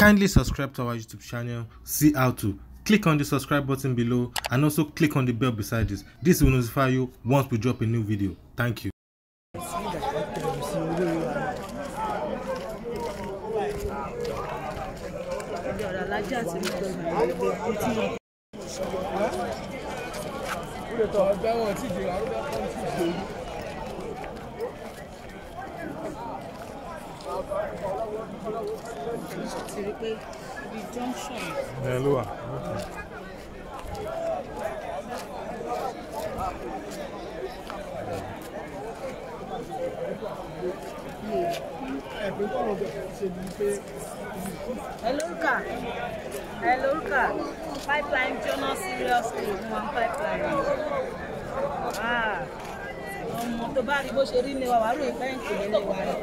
Kindly subscribe to our YouTube channel, see how to. Click on the subscribe button below and also click on the bell beside this. This will notify you once we drop a new video. Thank you. Ọ̀gbẹ́wọ̀n ti dè wá ló bá pọ́ńtì dè. ti rí pé ibi junction. ẹ ló wà. Ẹlórúkà Ẹlórúkà pipeline jóná seriously wọn pipeline ah. ọmọ tó bá rí bó ṣe rí ni wàá rò ìfẹ́ ìkìlẹ̀ wà rẹ̀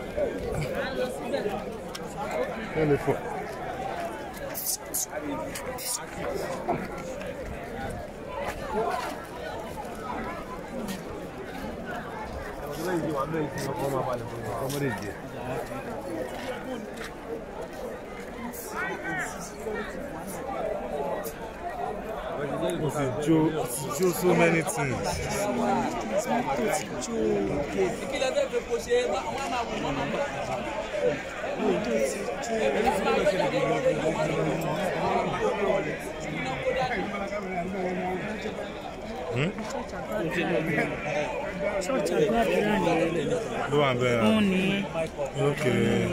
à ń lọ it. ó ti so many things. ó ti ló wà bẹ́ẹ̀ òun ni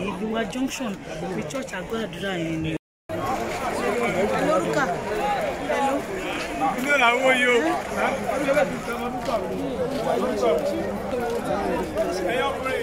ìdíwà church àgbàdúrà yẹn ni. lórúkà pẹ̀lú. ilé o. ẹ̀yọ́ pray.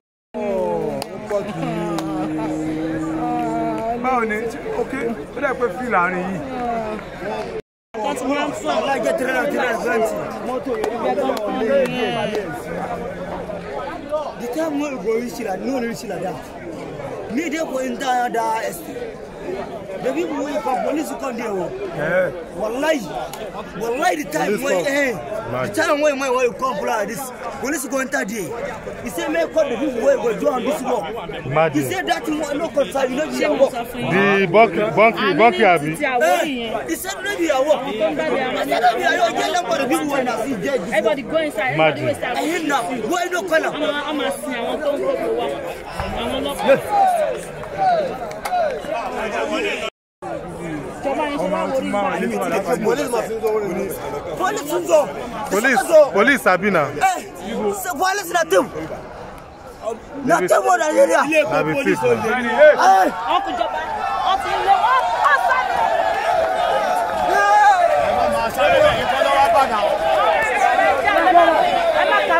jẹ́ pé fi láàrin yìí. láti máa ń fún àwọn the time we go reach no reach that me dey going down that depuis mu wuli ka polisi kan de wo walayi walayi the time wey eh the time wey my wife come plan this police go enter de he say make call the people wey go do on this work he say that thing no concern you no be your work. the bank, bank, bunky abi. Eh, he say no be your work he say no be your work get them for the people wey na see get everybody go inside everybody wey start. ẹyin na wey no call am. a máa sin àwọn tó ń kó kó wa police police sabi na. Eh, police na team na team for nigeria. na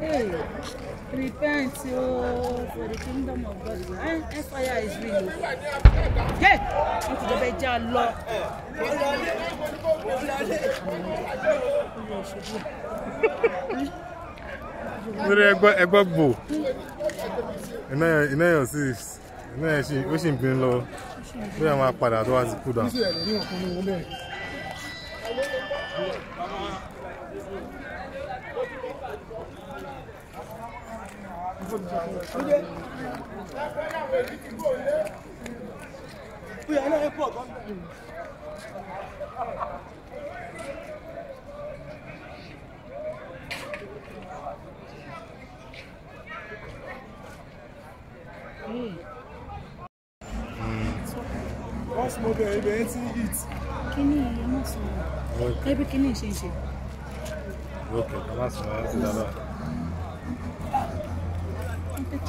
Hey, repent oh, for the kingdom of God. Eh, fire is real. Hey, wọ́n ti jọba ẹja lọ. Lórí ẹgbọ́ ẹgbọ́ gbò. Iná yàn sí iná yàn sí ó sì ń bínú lọ. Bóyá máa padà tó wá sí kúdà. Oya náà epo ọ̀gá ń bẹ̀rẹ̀. Wọ́n sì mọ bẹ̀rẹ̀ ibẹ̀ tí eat. Kíní ẹ̀ má 咋了？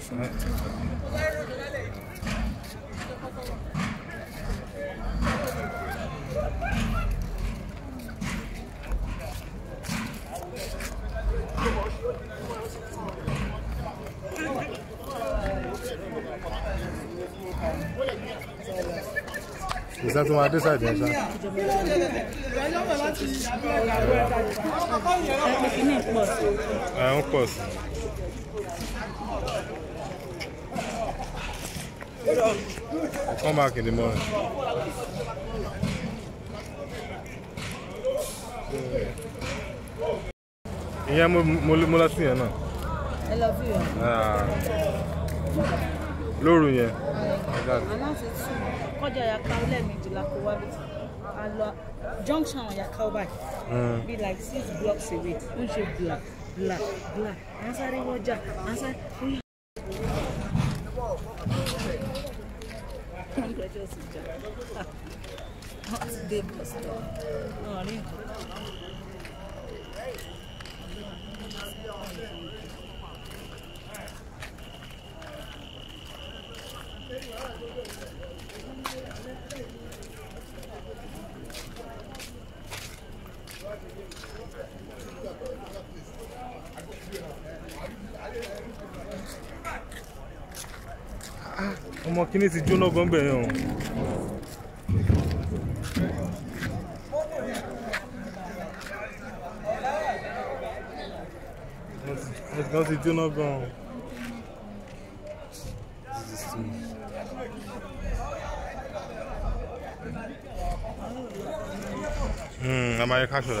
什么？ìṣẹ́ tó máa dé sàdé ẹ̀ṣá. ẹ̀hún pọ̀ sí. Come back in the morning. ìyẹn mo lọ sí yẹn náà. ẹ lọ sí yẹn lóru yẹn. aláǹtí tù kọjá Yakao lẹ́ẹ̀mejì la kó wá bí a lọ junction Yakao báyìí be like six blocks away ó ń ṣe bla bla bla à ń sáré wọjà à ń sáré. Hundred years ago, not today, but no, I didn't. ọmọ kìíní ti jóná gan bẹ̀rẹ̀ o. wọ́n ti jóná gan o. Hmm, a máa yẹ ká ṣọ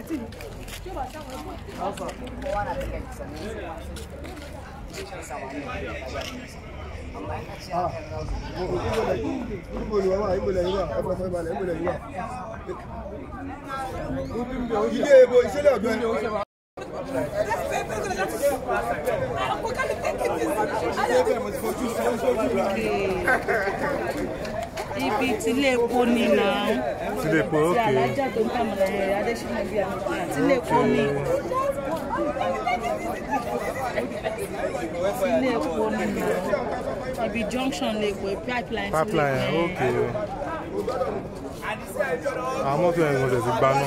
àti Thank you ibi tílé epo ni náà. tílé epo ok. ti alájà tó ń tà mọ̀ ẹ̀ adésínà bíi àná tílé epo ni. tílé epo ni náà ibi junction lè pè pipeline. pipeline ok àwọn mọ́tò ẹ̀yìn ọ̀dẹ̀ ti gbaná.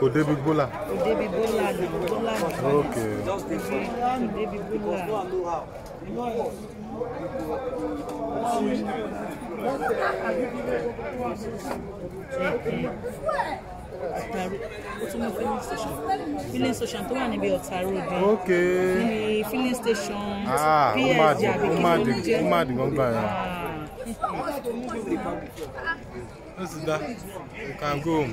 kò débi gbólà. O débi gbólà ní gbólà ní. O kò débi gbólà filling station tó wà níbi ọ̀tà road níbi filling station psd àbíkí tó jẹ́ ọmọ àdìgbọ́n gbà yẹn. This is that. You can go home.